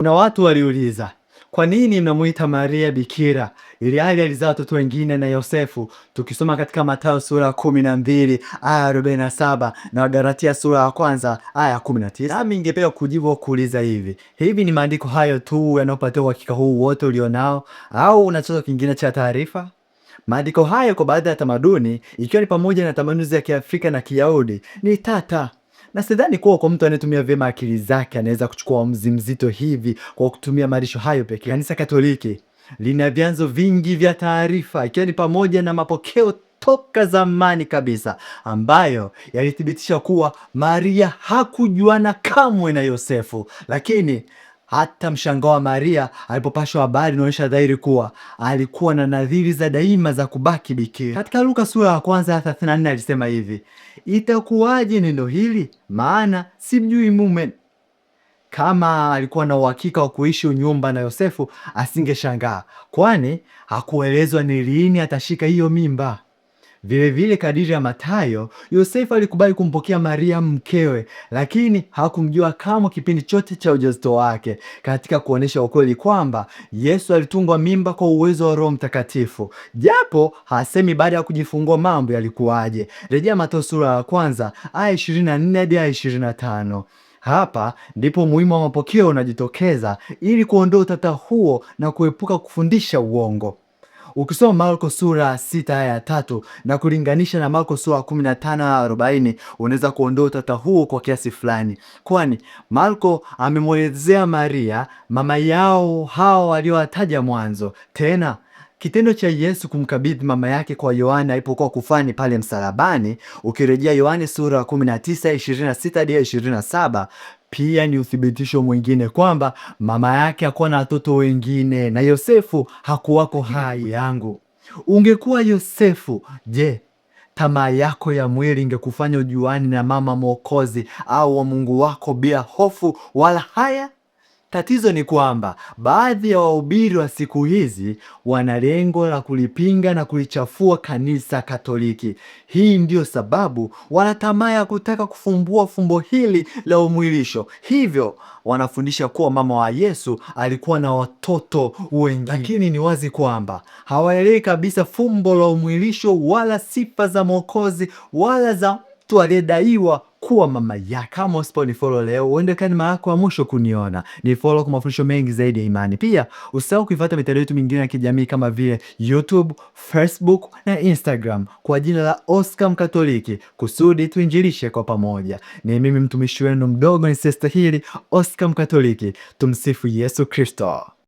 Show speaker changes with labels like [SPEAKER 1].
[SPEAKER 1] Kuna watu waliuliza kwa nini mnamuita Maria bikira ili hali alizaa watoto wengine na Yosefu? Tukisoma katika Mathayo sura ya kumi na mbili aya arobaini na saba na Wagalatia sura ya kwanza aya kumi na tisa nami ningepewa kujibu kuuliza hivi hivi, ni maandiko hayo tu yanayopatia uhakika huu wote ulionao, au una chanzo kingine cha taarifa? Maandiko hayo kwa baadhi ya tamaduni, ikiwa ni pamoja na tamaduni za Kiafrika na Kiyahudi, ni tata na sidhani kuwa kwa mtu anayetumia vyema akili zake anaweza kuchukua uamuzi mzito hivi kwa kutumia maandisho hayo pekee. Kanisa Katoliki lina vyanzo vingi vya taarifa, ikiwa ni pamoja na mapokeo toka zamani kabisa ambayo yalithibitisha kuwa Maria hakujuana kamwe na Yosefu, lakini hata mshangao wa Maria alipopashwa habari inaonyesha dhahiri kuwa alikuwa na nadhiri za daima za kubaki bikira. Katika Luka sura ya kwanza ya 34 alisema hivi, itakuwaje neno hili, maana simjui mume. Kama alikuwa na uhakika wa kuishi unyumba na Yosefu, asingeshangaa, kwani hakuelezwa ni lini atashika hiyo mimba. Vilevile, kadiri ya Mathayo, Yosefu alikubali kumpokea Maria mkewe, lakini hakumjua kamwe kipindi chote cha ujauzito wake, katika kuonyesha ukweli kwamba Yesu alitungwa mimba kwa uwezo wa Roho Mtakatifu, japo hasemi baada ya kujifungua mambo yalikuwaje. Rejea Mathayo sura ya kwanza aya 24 hadi aya 25. Hapa ndipo umuhimu wa mapokeo unajitokeza ili kuondoa utata huo na kuepuka kufundisha uongo. Ukisoma Marko sura sita aya ya tatu na kulinganisha na Marko sura kumi na tano aya arobaini unaweza kuondoa utata huo kwa kiasi fulani, kwani Marko amemwelezea Maria mama yao hao waliowataja mwanzo. Tena kitendo cha Yesu kumkabidhi mama yake kwa Yohana alipokuwa kufani pale msalabani, ukirejea Yohana sura 19 26 hadi pia ni uthibitisho mwingine kwamba mama yake hakuwa na watoto wengine na Yosefu hakuwako hai yangu. Ungekuwa Yosefu, je, tamaa yako ya mwili ingekufanya ujuani na mama Mwokozi au wa Mungu wako bila hofu wala haya? Tatizo ni kwamba baadhi ya wahubiri wa siku hizi wana lengo la kulipinga na kulichafua Kanisa Katoliki. Hii ndiyo sababu wana tamaa ya kutaka kufumbua fumbo hili la umwilisho, hivyo wanafundisha kuwa mama wa Yesu alikuwa na watoto wengi, lakini ni wazi kwamba hawaelewi kabisa fumbo la umwilisho wala sifa za Mwokozi wala za mtu aliyedaiwa kuwa mama ya. Kama usipo ni follow leo, uende kani mara yako ya mwisho kuniona. Ni follow kwa mafundisho mengi zaidi ya imani. Pia usahau kuifuata mitandao yetu mingine ya kijamii kama vile YouTube, Facebook na Instagram kwa jina la Oscar Mkatoliki kusudi tuinjilishe kwa pamoja. Ni mimi mtumishi wenu mdogo hili Oscar Mkatoliki. Tumsifu Yesu Kristo.